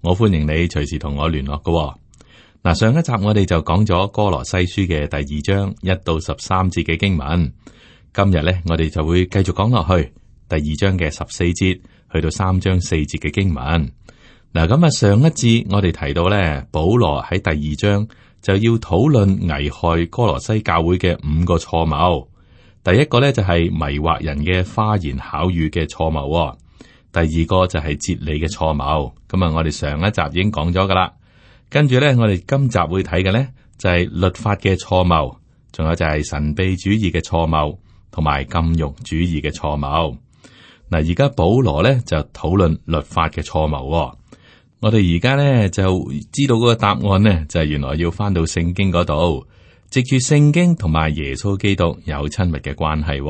我歡迎你隨時同我聯絡嘅。嗱，上一集我哋就講咗《哥羅西書》嘅第二章一到十三節嘅經文，今日咧我哋就會繼續講落去第二章嘅十四節去到三章四節嘅經文。嗱，咁啊上一節我哋提到咧，保羅喺第二章就要討論危害哥羅西教會嘅五個錯謬，第一個咧就係迷惑人嘅花言巧語嘅錯謬，哦。第二個就係哲理嘅錯謬，咁啊，我哋上一集已經講咗噶啦。跟住咧，我哋今集會睇嘅咧就係、是、律法嘅錯謬，仲有就係神秘主義嘅錯謬，同埋禁欲主義嘅錯謬。嗱，而家保羅咧就討論律法嘅錯謬。我哋而家咧就知道嗰個答案呢，就係原來要翻到聖經嗰度，藉住聖經同埋耶穌基督有親密嘅關係。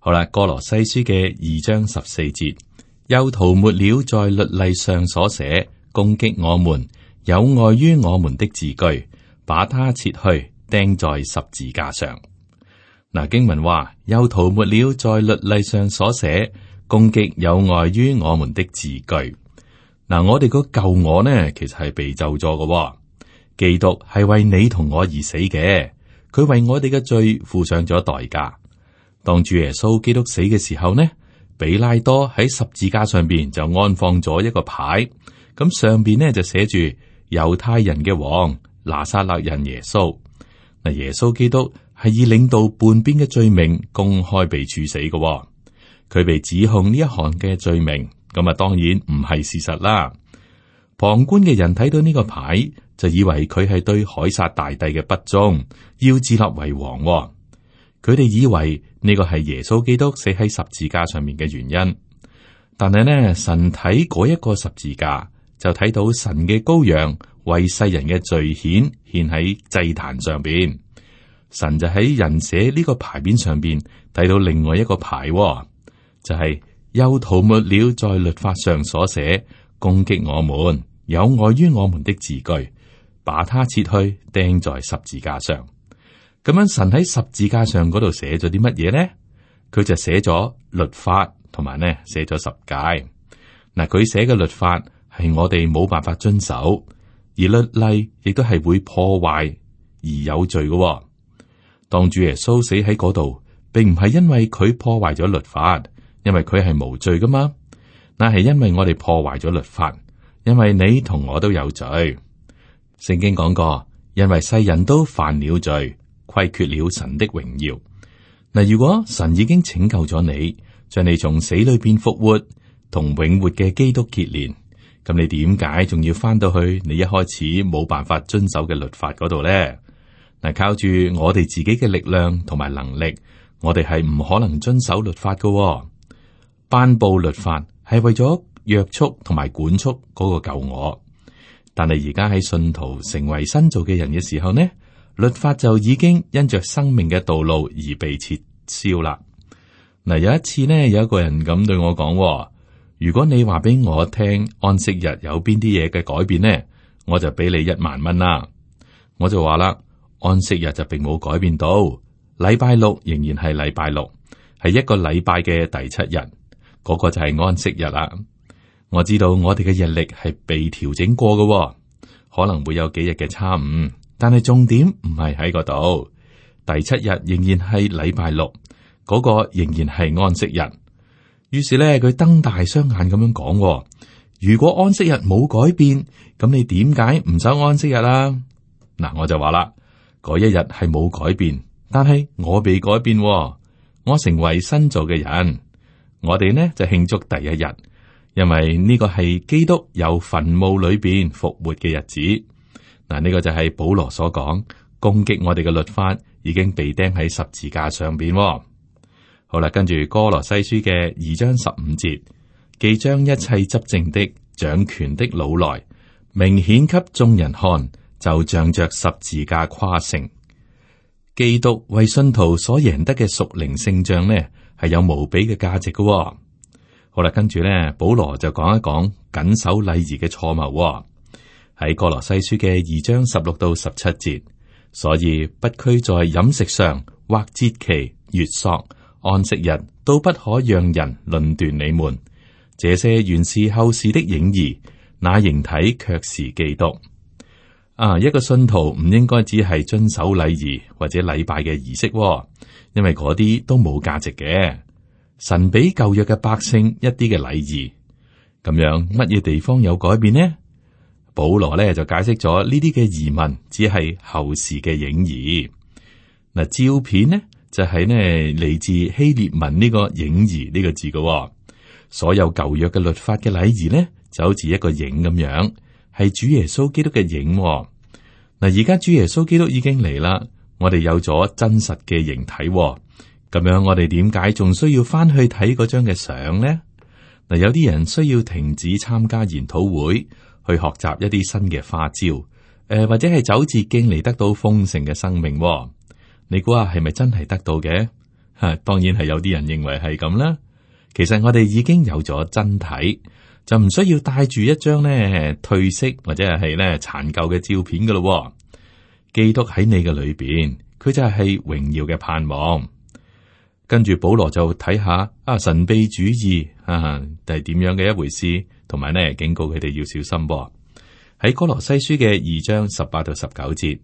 好啦，《歌羅西書》嘅二章十四節。又塗抹了在律例上所寫攻擊我們有礙於我們的字句，把它撤去釘在十字架上。嗱，經文話，又塗抹了在律例上所寫攻擊有礙於我們的字句。嗱、嗯，我哋個舊我呢，其實係被咒咗嘅。基督係為你同我而死嘅，佢為我哋嘅罪付上咗代價。當主耶穌基督死嘅時候呢，比拉多喺十字架上邊就安放咗一個牌，咁上邊呢就寫住猶太人嘅王拿撒勒人耶穌。嗱，耶穌基督係以領導半邊嘅罪名公開被處死嘅，佢被指控呢一項嘅罪名，咁啊當然唔係事實啦。旁觀嘅人睇到呢個牌，就以為佢係對凱撒大帝嘅不忠，要自立為王。佢哋以為呢個係耶穌基督死喺十字架上面嘅原因，但係呢，神睇嗰一個十字架就睇到神嘅羔羊為世人嘅罪顯獻喺祭壇上邊，神就喺人寫呢個牌匾上邊睇到另外一個牌，哦，就係、是、又塗抹了在律法上所寫攻擊我們有礙於我們的字句，把它撤去釘在十字架上。咁樣神喺十字架上嗰度寫咗啲乜嘢呢？佢就寫咗律法，同埋咧寫咗十戒。嗱，佢寫嘅律法係我哋冇辦法遵守，而律例亦都係會破壞而有罪嘅。當主耶穌死喺嗰度，並唔係因為佢破壞咗律法，因為佢係無罪噶嘛。但係因為我哋破壞咗律法，因為你同我都有罪。聖經講過，因為世人都犯了罪。虧缺了神的榮耀。嗱，如果神已經拯救咗你，將你從死裏邊復活，同永活嘅基督結連，咁你點解仲要翻到去你一開始冇辦法遵守嘅律法嗰度咧？嗱，靠住我哋自己嘅力量同埋能力，我哋係唔可能遵守律法嘅喎。頒布律法係為咗約束同埋管束嗰個舊我，但係而家喺信徒成為新造嘅人嘅時候呢，律法就已經因着生命嘅道路而被撤銷啦。嗱、啊，有一次呢，有一個人咁對我講、哦：如果你話俾我聽，安息日有邊啲嘢嘅改變呢，我就俾你一萬蚊啦。我就話啦，安息日就並冇改變到，禮拜六仍然係禮拜六，係一個禮拜嘅第七日，嗰個就係安息日啦。我知道我哋嘅日曆係被調整過噶、哦，可能會有幾日嘅差誤。但係重點唔係喺嗰度，第七日仍然係禮拜六，嗰個仍然係安息日。於是咧，佢瞪大雙眼咁樣講：如果安息日冇改變，咁你點解唔守安息日啦？嗱，我就話啦，嗰一日係冇改變，但係我被改變，我成為新造嘅人。我哋呢就慶祝第一日，因為呢個係基督由墳墓裏邊復活嘅日子。嗱，呢個就係保羅所講，攻擊我哋嘅律法已經被釘喺十字架上邊、哦。好啦，跟住歌羅西書嘅二章十五節，既將一切執政的、掌權的老來，明顯給眾人看，就仗着十字架誇勝。基督為信徒所贏得嘅屬靈勝仗呢，係有無比嘅價值噶、哦。好啦，跟住呢，保羅就講一講緊守禮儀嘅錯謬、哦。喺《歌羅西書》嘅二章十六到十七節，所以不拘在飲食上或節期、月朔、安息日，都不可讓人論斷你們。這些原是後事的影兒，那形體却是基督。啊，一個信徒唔應該只係遵守禮儀或者禮拜嘅儀式哦，因為嗰啲都冇價值嘅。神俾舊約嘅百姓一啲嘅禮儀，咁樣乜嘢地方有改變呢？保羅呢就解釋咗呢啲嘅疑問，只係後時嘅影兒嗱。照片呢就係呢嚟自希列文呢個影兒呢個字嘅哦。所有舊約嘅律法嘅禮儀呢就好似一個影咁樣，係主耶穌基督嘅影哦。嗱。而家主耶穌基督已經嚟啦，我哋有咗真實嘅形體哦。咁樣，我哋點解仲需要翻去睇嗰張嘅相呢？嗱，有啲人需要停止參加研討會。去學習一啲新嘅花招，誒、呃，或者係走捷徑嚟得到豐盛嘅生命，哦。你估下係咪真係得到嘅？吓，當然係有啲人認為係咁啦。其實我哋已經有咗真體，就唔需要帶住一張咧褪色或者係咧殘舊嘅照片噶咯，哦。基督喺你嘅裏邊，佢就係榮耀嘅盼望。跟住保羅就睇下啊神秘主義啊係點樣嘅一回事，同埋咧警告佢哋要小心喎啊。喺哥羅西書嘅二章十八到十九節，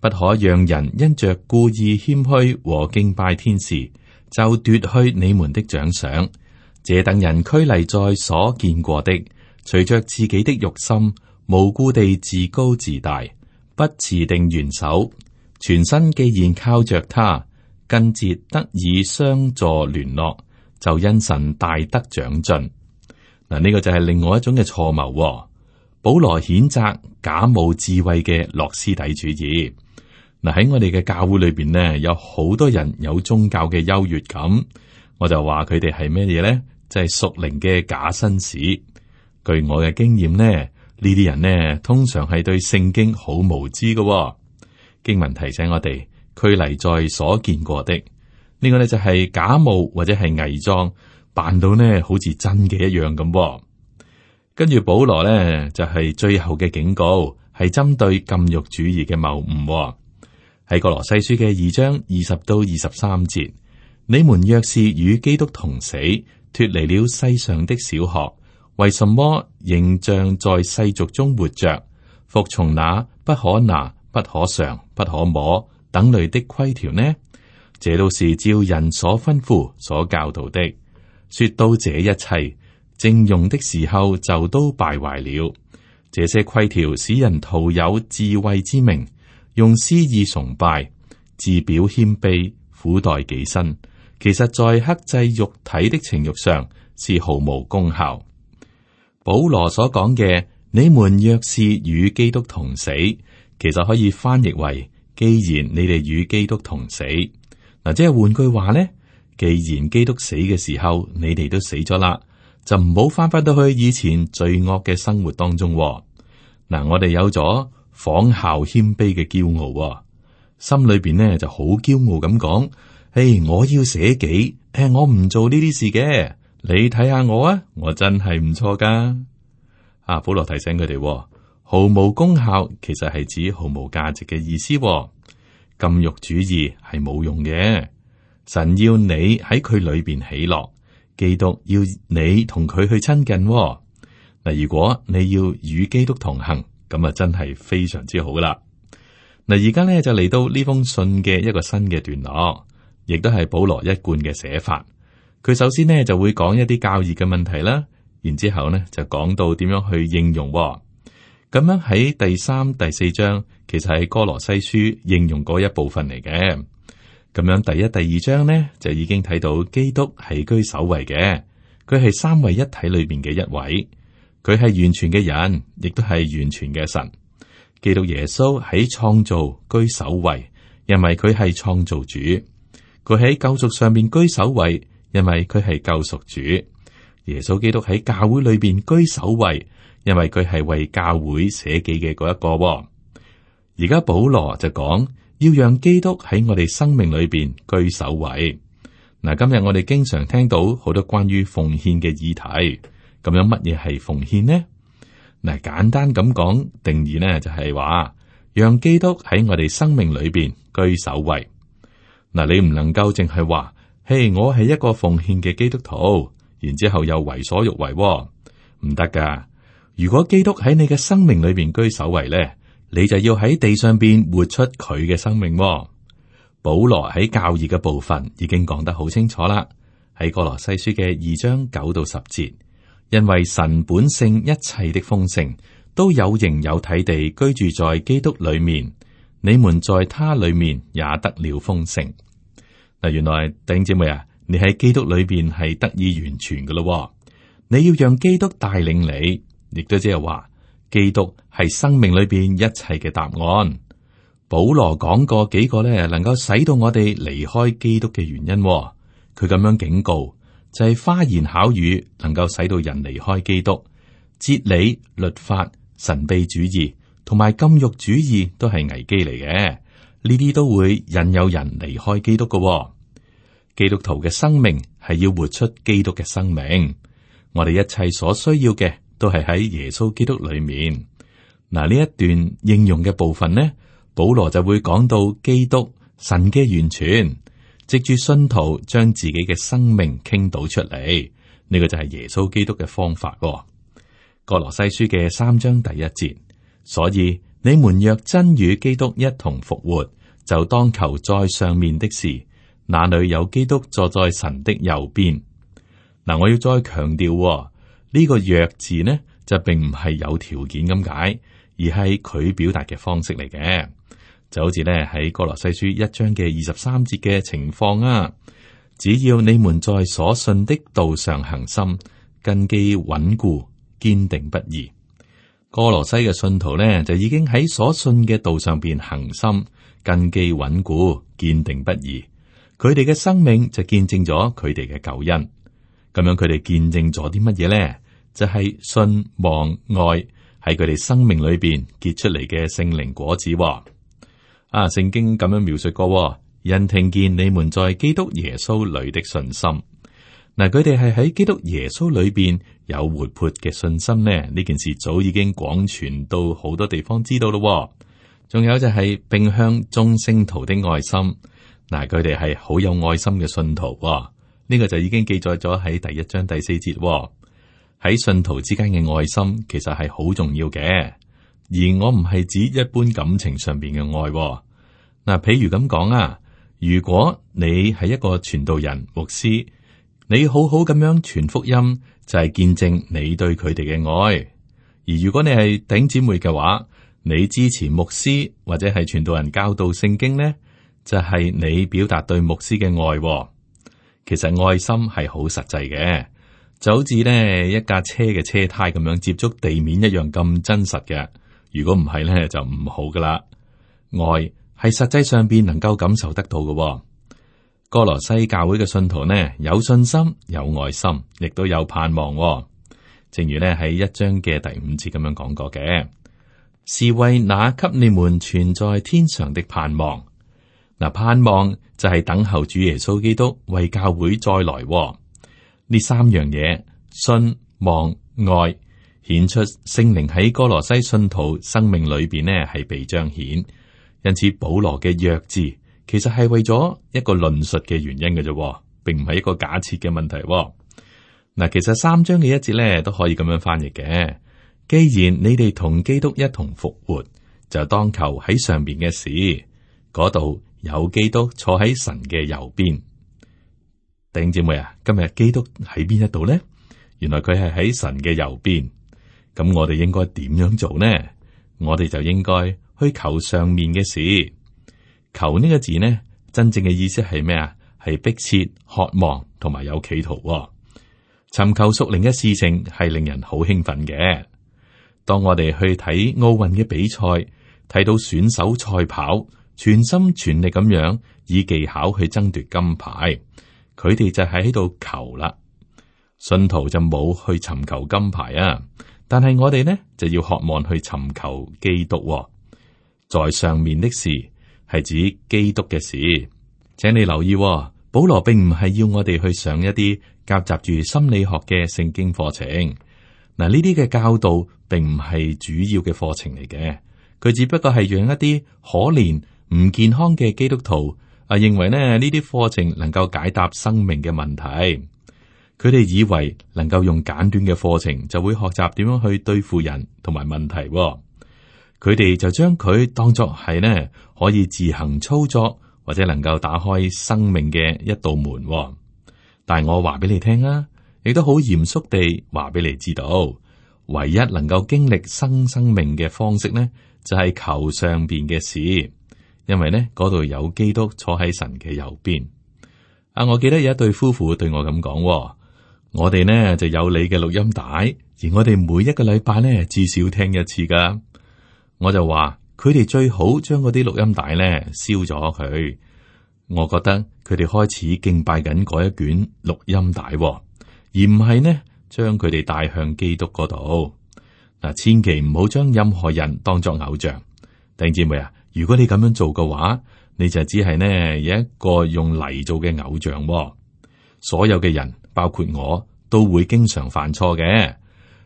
不可讓人因着故意謙虛和敬拜天使就奪去你們的獎賞。這等人拘泥在所見過的，隨着自己的慾心，無故地自高自大，不持定元首，全身既然靠着他。筋節得以相助聯絡，就因神大得長進。嗱，呢個就係另外一種嘅錯謀，哦。保羅譴責假冇智慧嘅諾斯底主義。嗱，啊，喺我哋嘅教會裏邊呢，有好多人有宗教嘅優越感，我就話佢哋係咩嘢呢？就係、是、屬靈嘅假紳士。據我嘅經驗呢，呢啲人呢，通常係對聖經好無知嘅，哦。經文提醒我哋。距離在所見過的呢、呢個呢就係假冒或者係偽裝扮到呢好似真嘅一樣咁。跟住保羅呢，就係最後嘅警告，係針對禁慾主義嘅謬誤。喺歌羅西書嘅二章二十到二十三節，你們若是與基督同死，脫離了世上的小學，為什麼仍像在世俗中活着？服從那不可拿、不可嘗、不可摸。等類的規條呢？這都是照人所吩咐、所教導的。說到這一切正用的時候，就都敗壞了。這些規條使人徒有智慧之名，用私意崇拜，自表謙卑，苦待己身。其實，在克制肉體的情欲上是毫無功效。保羅所講嘅，你們若是與基督同死，其實可以翻譯為。既然你哋與基督同死，嗱，即係換句話咧，既然基督死嘅時候，你哋都死咗啦，就唔好翻返到去以前罪惡嘅生活當中。嗱，我哋有咗仿效謙卑嘅驕傲，心裏邊咧就好驕傲咁講：誒、hey，我要捨己，誒，我唔做呢啲事嘅。你睇下我啊，我真係唔錯噶。阿、啊、保羅提醒佢哋。毫無功效，其實係指毫無價值嘅意思、哦。禁慾主義係冇用嘅。神要你喺佢裏邊起落，基督要你同佢去親近、哦。嗱，如果你要與基督同行，咁啊真係非常之好啦。嗱，而家咧就嚟到呢封信嘅一個新嘅段落，亦都係保羅一貫嘅寫法。佢首先呢，就會講一啲教義嘅問題啦，然之後咧就講到點樣去應用。咁樣喺第三、第四章，其實係《哥羅西書》應用嗰一部分嚟嘅。咁樣第一、第二章呢，就已經睇到基督係居首位嘅，佢係三位一體裏邊嘅一位，佢係完全嘅人，亦都係完全嘅神。基督耶穌喺創造居首位，因為佢係創造主；佢喺救贖上面居首位，因為佢係救贖主。耶穌基督喺教會裏邊居首位。因為佢係為教會寫記嘅嗰一個，而家保羅就講要讓基督喺我哋生命裏邊居首位。嗱，今日我哋經常聽到好多關於奉獻嘅議題，咁樣乜嘢係奉獻呢？嗱，簡單咁講定義呢，就係話讓基督喺我哋生命裏邊居首位。嗱，你唔能夠淨係話，嘿，我係一個奉獻嘅基督徒，然之後又為所欲為，唔得㗎。如果基督喺你嘅生命裏邊居首位咧，你就要喺地上邊活出佢嘅生命啊。保羅喺教義嘅部分已經講得好清楚啦。喺歌羅西書嘅二章九到十節，因為神本性一切的豐盛都有形有體地居住在基督裏面，你們在他裏面也得了豐盛。嗱，原來弟兄姐妹啊，你喺基督裏邊係得以完全嘅咯，你要讓基督帶領你。亦都即係話，基督係生命裏邊一切嘅答案。保羅講過幾個咧，能夠使到我哋離開基督嘅原因、哦。佢咁樣警告就係、是、花言巧語能夠使到人離開基督。哲理、律法、神秘主義同埋禁慾主義都係危機嚟嘅，呢啲都會引誘人離開基督嘅、哦。基督徒嘅生命係要活出基督嘅生命，我哋一切所需要嘅。都係喺耶穌基督裏面，嗱，呢一段應用嘅部分呢，保羅就會講到基督神嘅完全，藉住信徒將自己嘅生命傾倒出嚟，呢、呢個就係耶穌基督嘅方法。哥羅西書嘅三章第一節，所以你們若真與基督一同復活，就當求在上面的事，那裏有基督坐在神的右邊。嗱，我要再強調。呢個若字呢，就並唔係有條件咁解，而係佢表達嘅方式嚟嘅。就好似呢喺哥羅西書一章嘅二十三節嘅情況啊，只要你們在所信的道上恒心，根基穩固，堅定不移。哥羅西嘅信徒呢就已經喺所信嘅道上邊恒心，根基穩固，堅定不移。佢哋嘅生命就見證咗佢哋嘅救恩。咁樣佢哋見證咗啲乜嘢咧？就係、是、信望愛喺佢哋生命裏邊結出嚟嘅聖靈果子。啊，聖經咁樣描述過，人聽見你們在基督耶穌裏的信心。嗱、啊，佢哋係喺基督耶穌裏邊有活潑嘅信心咧。呢件事早已經廣傳到好多地方知道咯。仲有就係並向眾聖徒的愛心。嗱、啊，佢哋係好有愛心嘅信徒。啊呢個就已經記載咗喺第一章第四節喎、哦，喺信徒之間嘅愛心其實係好重要嘅，而我唔係指一般感情上面嘅愛、哦。嗱、啊，譬如咁講啊，如果你係一個傳道人、牧師，你好好咁樣傳福音，就係見證你對佢哋嘅愛；而如果你係弟兄姊妹嘅話，你支持牧師或者係傳道人教導聖經呢，就係、是、你表達對牧師嘅愛、哦。其實愛心係好實際嘅，就好似咧一架車嘅車胎咁樣接觸地面一樣咁真實嘅。如果唔係呢，就唔好噶啦。愛係實際上邊能夠感受得到嘅。哥羅西教會嘅信徒呢，有信心、有愛心，亦都有盼望。正如呢喺一章嘅第五節咁樣講過嘅，是為那給你們存在天上的盼望。嗱，盼望就係等候主耶穌基督為教會再來喎。呢三樣嘢信望愛，顯出聖靈喺哥羅西信徒生命裏邊咧係被彰顯。因此，保羅嘅弱智其實係為咗一個論述嘅原因嘅啫，並唔係一個假設嘅問題。嗱，其實三章嘅一節咧都可以咁樣翻譯嘅。既然你哋同基督一同復活，就當求喺上邊嘅事嗰度，有基督坐喺神嘅右邊，弟兄姐妹啊，今日基督喺邊一度呢？原來佢係喺神嘅右邊。咁我哋應該點樣做呢？我哋就應該去求上面嘅事。求呢個字呢，真正嘅意思係咩啊？係迫切、渴望同埋有企圖喎。尋求屬靈嘅事情係令人好興奮嘅。當我哋去睇奧運嘅比賽，睇到選手賽跑。全心全力咁樣以技巧去爭奪金牌，佢哋就喺度求啦。信徒就冇去尋求金牌啊，但係我哋呢就要渴望去尋求基督喎。在上面的事係指基督嘅事，請你留意喎。保羅並唔係要我哋去上一啲夾雜住心理學嘅聖經課程。嗱，呢啲嘅教導並唔係主要嘅課程嚟嘅，佢只不過係讓一啲可憐。唔健康嘅基督徒啊，認為咧呢啲課程能夠解答生命嘅問題。佢哋以為能夠用簡短嘅課程，就會學習點樣去對付人同埋問題。佢、哦、哋就將佢當作係咧可以自行操作，或者能夠打開生命嘅一道門。哦、但係我話俾你聽啊，亦都好嚴肅地話俾你知道，唯一能夠經歷新生，生命嘅方式咧，就係、是、求上邊嘅事。因為呢嗰度有基督坐喺神嘅右邊啊！我記得有一對夫婦對我咁講、哦，我哋呢就有你嘅錄音帶，而我哋每一個禮拜呢至少聽一次噶。我就話佢哋最好將嗰啲錄音帶呢燒咗佢。我覺得佢哋開始敬拜緊嗰一卷錄音帶、哦，而唔係呢將佢哋帶向基督嗰度嗱，千祈唔好將任何人當作偶像，弟兄姐妹啊！如果你咁樣做嘅話，你就只係呢一個用泥做嘅偶像喎。所有嘅人，包括我，都會經常犯錯嘅。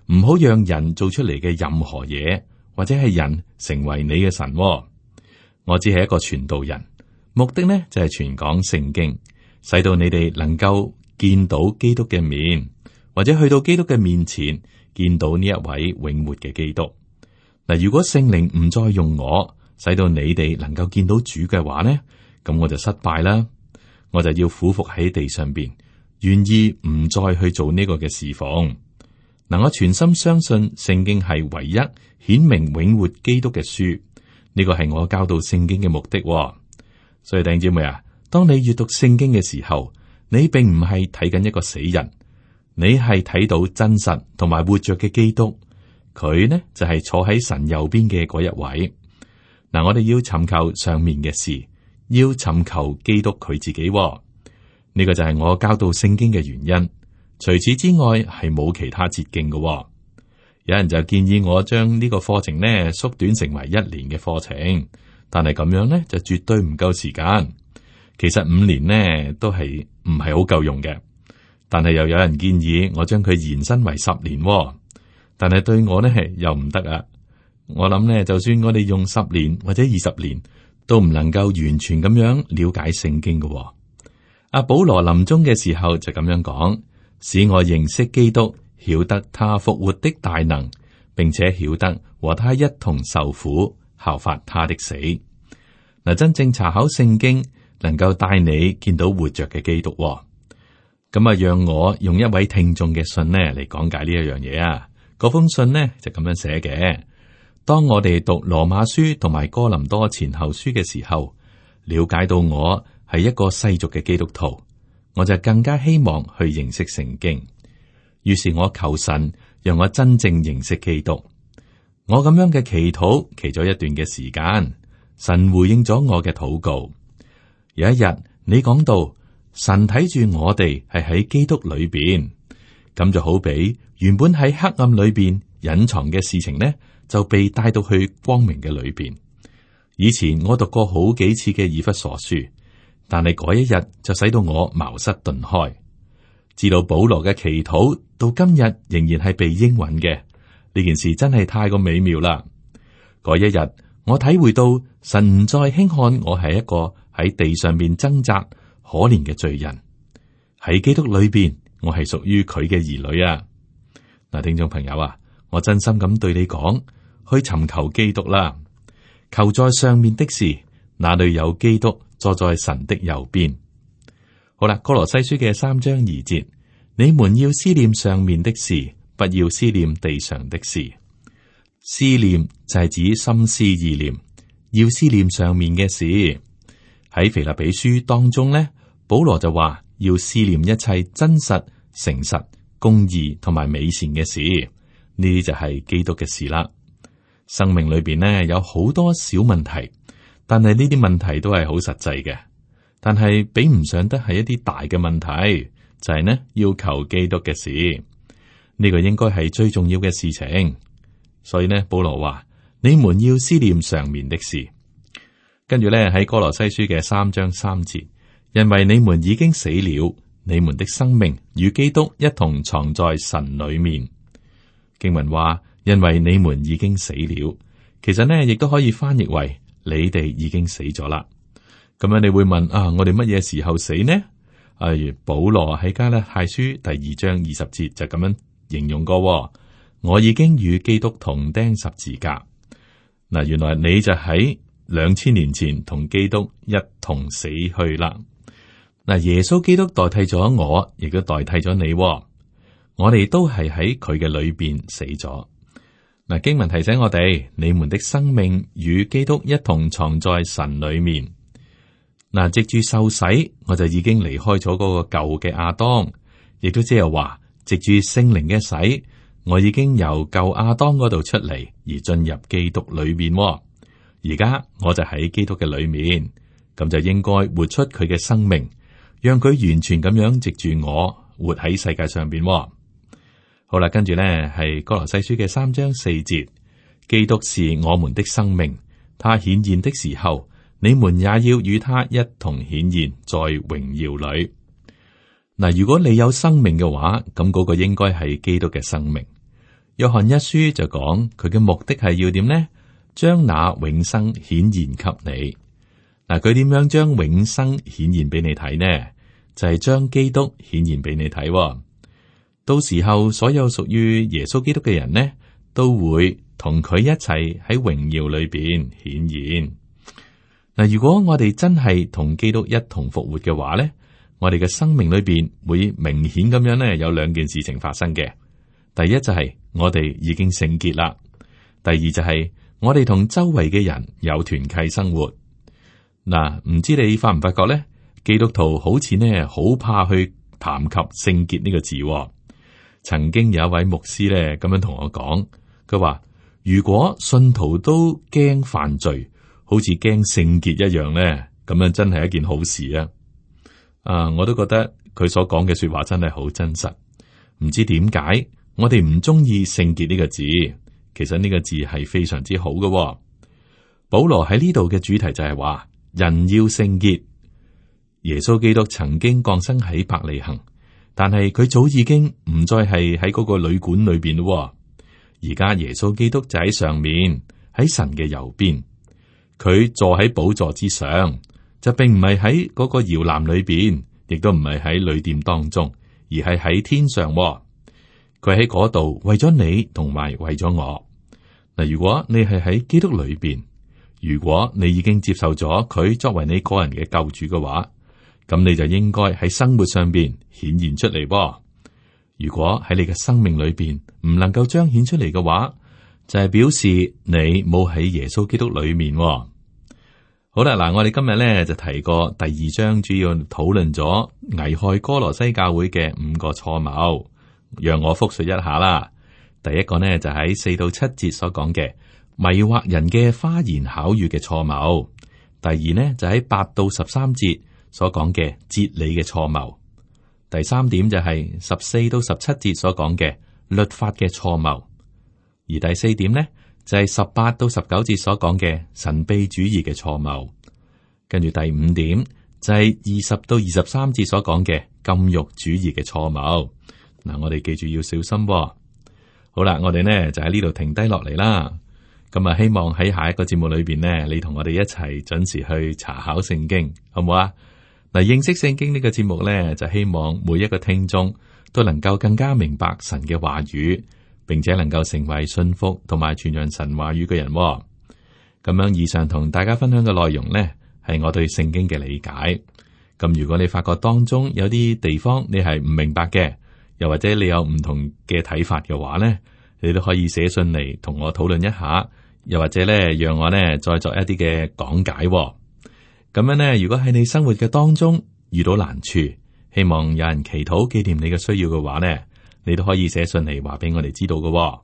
唔好讓人做出嚟嘅任何嘢，或者係人成為你嘅神喎。我只係一個傳道人，目的呢就係傳講聖經，使到你哋能夠見到基督嘅面，或者去到基督嘅面前見到呢一位永活嘅基督嗱。如果聖靈唔再用我。使到你哋能夠見到主嘅話呢，咁我就失敗啦，我就要俯伏喺地上邊，願意唔再去做呢個嘅侍奉。嗱，我全心相信聖經係唯一顯明永活基督嘅書，呢個係我教導聖經嘅目的。所以，弟兄姐妹啊，當你閱讀聖經嘅時候，你並唔係睇緊一個死人，你係睇到真實同埋活着嘅基督。佢呢就係、是、坐喺神右邊嘅嗰一位。嗱，我哋要尋求上面嘅事，要尋求基督佢自己、喎，呢、這個就係我教到聖經嘅原因。除此之外，係冇其他捷徑嘅、喎。有人就建議我將呢個課程呢縮短成為一年嘅課程，但係咁樣呢就絕對唔夠時間。其實五年呢都係唔係好夠用嘅，但係又有人建議我將佢延伸為十年、喎，但係對我呢又唔得啊。我諗咧，就算我哋用十年或者二十年，都唔能夠完全咁樣了解聖經嘅，哦。啊，阿保羅臨終嘅時候就咁樣講，使我認識基督，曉得他復活的大能，並且曉得和他一同受苦，效法他的死。嗱，真正查考聖經，能夠帶你見到活着嘅基督，哦。咁啊，讓我用一位聽眾嘅信呢嚟講解呢一樣嘢啊。嗰封信呢，就咁樣寫嘅。當我哋讀羅馬書同埋哥林多前後書嘅時候，了解到我係一個世俗嘅基督徒，我就更加希望去認識聖經。於是，我求神讓我真正認識基督。我咁樣嘅祈禱祈咗一段嘅時間，神回應咗我嘅禱告。有一日，你講到神睇住我哋係喺基督裏邊，咁就好比原本喺黑暗裏邊隱藏嘅事情呢，就被帶到去光明嘅裏邊。以前我讀過好幾次嘅以弗所書，但係嗰一日就使到我茅塞頓開。知道保羅嘅祈禱到今日仍然係被應允嘅，呢件事真係太過美妙啦！嗰一日我體會到神唔再輕看我係一個喺地上面掙扎可憐嘅罪人。喺基督裏邊，我係屬於佢嘅兒女啊！嗱，聽眾朋友啊，我真心咁對你講。去尋求基督啦。求在上面的事，那裏有基督坐在神的右邊。好啦，《哥羅西書》嘅三章二節，你們要思念上面的事，不要思念地上的事。思念就係指心思意念，要思念上面嘅事。喺《腓立比書》當中呢，保羅就話要思念一切真實、誠實、公義同埋美善嘅事。呢啲就係基督嘅事啦。生命裏邊呢，有好多小問題，但係呢啲問題都係好實際嘅，但係比唔上得係一啲大嘅問題，就係、是、呢要求基督嘅事，呢、這個應該係最重要嘅事情。所以呢，保羅話：你們要思念上面的事。跟住呢，喺哥羅西書嘅三章三節，因為你們已經死了，你們的生命與基督一同藏在神裏面。經文話。因為你們已經死了，其實呢亦都可以翻譯為你哋已經死咗啦。咁樣你會問啊？我哋乜嘢時候死呢？例、哎、如保羅喺加拉太書第二章二十節就咁樣形容過。我已經與基督同釘十字架。嗱，原來你就喺兩千年前同基督一同死去啦。嗱，耶穌基督代替咗我，亦都代替咗你。我哋都係喺佢嘅裏邊死咗。嗱，經文提醒我哋：你們的生命與基督一同藏在神裏面。嗱，藉住受洗，我就已經離開咗嗰個舊嘅亞當，亦都即係話，藉住聖靈嘅洗，我已經由舊亞當嗰度出嚟，而進入基督裏面。而家我就喺基督嘅裏面，咁就應該活出佢嘅生命，讓佢完全咁樣藉住我活喺世界上邊。好啦，跟住呢係哥羅西書嘅三章四節，基督是我們的生命，他顯現的時候，你們也要與他一同顯現，在榮耀裏。嗱，如果你有生命嘅話，咁嗰個應該係基督嘅生命。約翰一書就講佢嘅目的係要點呢？將那永生顯現給你。嗱，佢點樣將永生顯現俾你睇呢？就係、是、將基督顯現俾你睇、哦。到時候所有屬於耶穌基督嘅人呢，都會同佢一齊喺榮耀裏邊顯現。嗱，如果我哋真係同基督一同復活嘅話呢，我哋嘅生命裏邊會明顯咁樣呢，有兩件事情發生嘅。第一就係我哋已經聖潔啦，第二就係我哋同周圍嘅人有團契生活。嗱，唔知你發唔發覺呢？基督徒好似呢好怕去談及聖潔呢個字。曾經有一位牧師咧咁樣同我講，佢話如果信徒都驚犯罪，好似驚聖潔一樣咧，咁樣真係一件好事啊！啊，我都覺得佢所講嘅說話真係好真實。唔知點解我哋唔中意聖潔呢個字，其實呢個字係非常之好嘅，哦。保羅喺呢度嘅主題就係話人要聖潔，耶穌基督曾經降生喺伯利恆。但係佢早已經唔再係喺嗰個旅館裏邊咯、哦，而家耶穌基督就喺上面，喺神嘅右邊，佢坐喺寶座之上，就並唔係喺嗰個搖籃裏邊，亦都唔係喺旅店當中，而係喺天上、哦。佢喺嗰度為咗你同埋為咗我。嗱，如果你係喺基督裏邊，如果你已經接受咗佢作為你個人嘅救主嘅話。咁你就應該喺生活上邊顯現出嚟、啊。如果喺你嘅生命裏邊唔能夠彰顯出嚟嘅話，就係、是、表示你冇喺耶穌基督裏面、啊。好啦，嗱，我哋今日咧就提過第二章，主要討論咗危害哥羅西教會嘅五個錯謬。讓我復述一下啦。第一個呢，就喺四到七節所講嘅迷惑人嘅花言巧語嘅錯謬。第二呢，就喺八到十三節。所講嘅哲理嘅錯謬，第三點就係十四到十七節所講嘅律法嘅錯謬，而第四點呢，就係十八到十九節所講嘅神秘主義嘅錯謬，跟住第五點就係二十到二十三節所講嘅禁慾主義嘅錯謬。嗱，呃，我哋記住要小心喎。好啦，我哋呢，就喺呢度停低落嚟啦。咁啊，希望喺下一個節目裏邊呢，你同我哋一齊準時去查考聖經，好唔好啊？嗱，認識聖經呢個節目呢，就希望每一個聽眾都能夠更加明白神嘅話語，並且能夠成為信服同埋傳揚神話語嘅人，哦。咁樣，以上同大家分享嘅內容呢，係我對聖經嘅理解。咁如果你發覺當中有啲地方你係唔明白嘅，又或者你有唔同嘅睇法嘅話呢，你都可以寫信嚟同我討論一下，又或者呢，讓我呢再作一啲嘅講解，哦。咁樣咧，如果喺你生活嘅當中遇到難處，希望有人祈禱紀念你嘅需要嘅話咧，你都可以寫信嚟話俾我哋知道嘅，哦。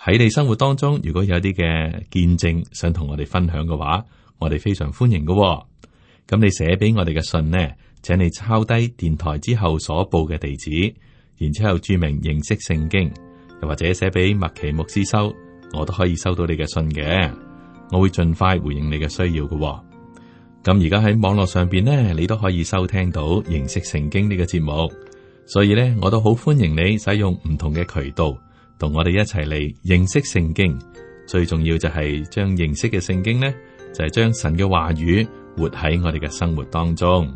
喺你生活當中，如果有啲嘅見證想同我哋分享嘅話，我哋非常歡迎嘅，哦。咁你寫俾我哋嘅信呢，請你抄低電台之後所報嘅地址，然之後注明認識聖經，又或者寫俾麥奇牧師收，我都可以收到你嘅信嘅。我會盡快回應你嘅需要嘅，哦。咁而家喺網絡上邊呢，你都可以收聽到認識聖經呢個節目。所以呢，我都好歡迎你使用唔同嘅渠道，同我哋一齊嚟認識聖經。最重要就係將認識嘅聖經呢，就係將神嘅話語活喺我哋嘅生活當中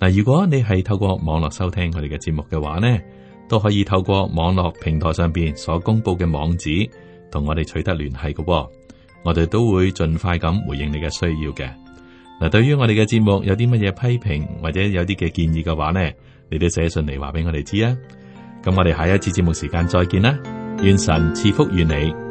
嗱。如果你係透過網絡收聽我哋嘅節目嘅話呢，都可以透過網絡平台上邊所公佈嘅網址，同我哋取得聯繫嘅。我哋都會盡快咁回應你嘅需要嘅。嗱，對於我哋嘅節目有啲乜嘢批評或者有啲嘅建議嘅話咧，你都寫信嚟話俾我哋知啊！咁我哋下一次節目時間再見啦，願神賜福於你。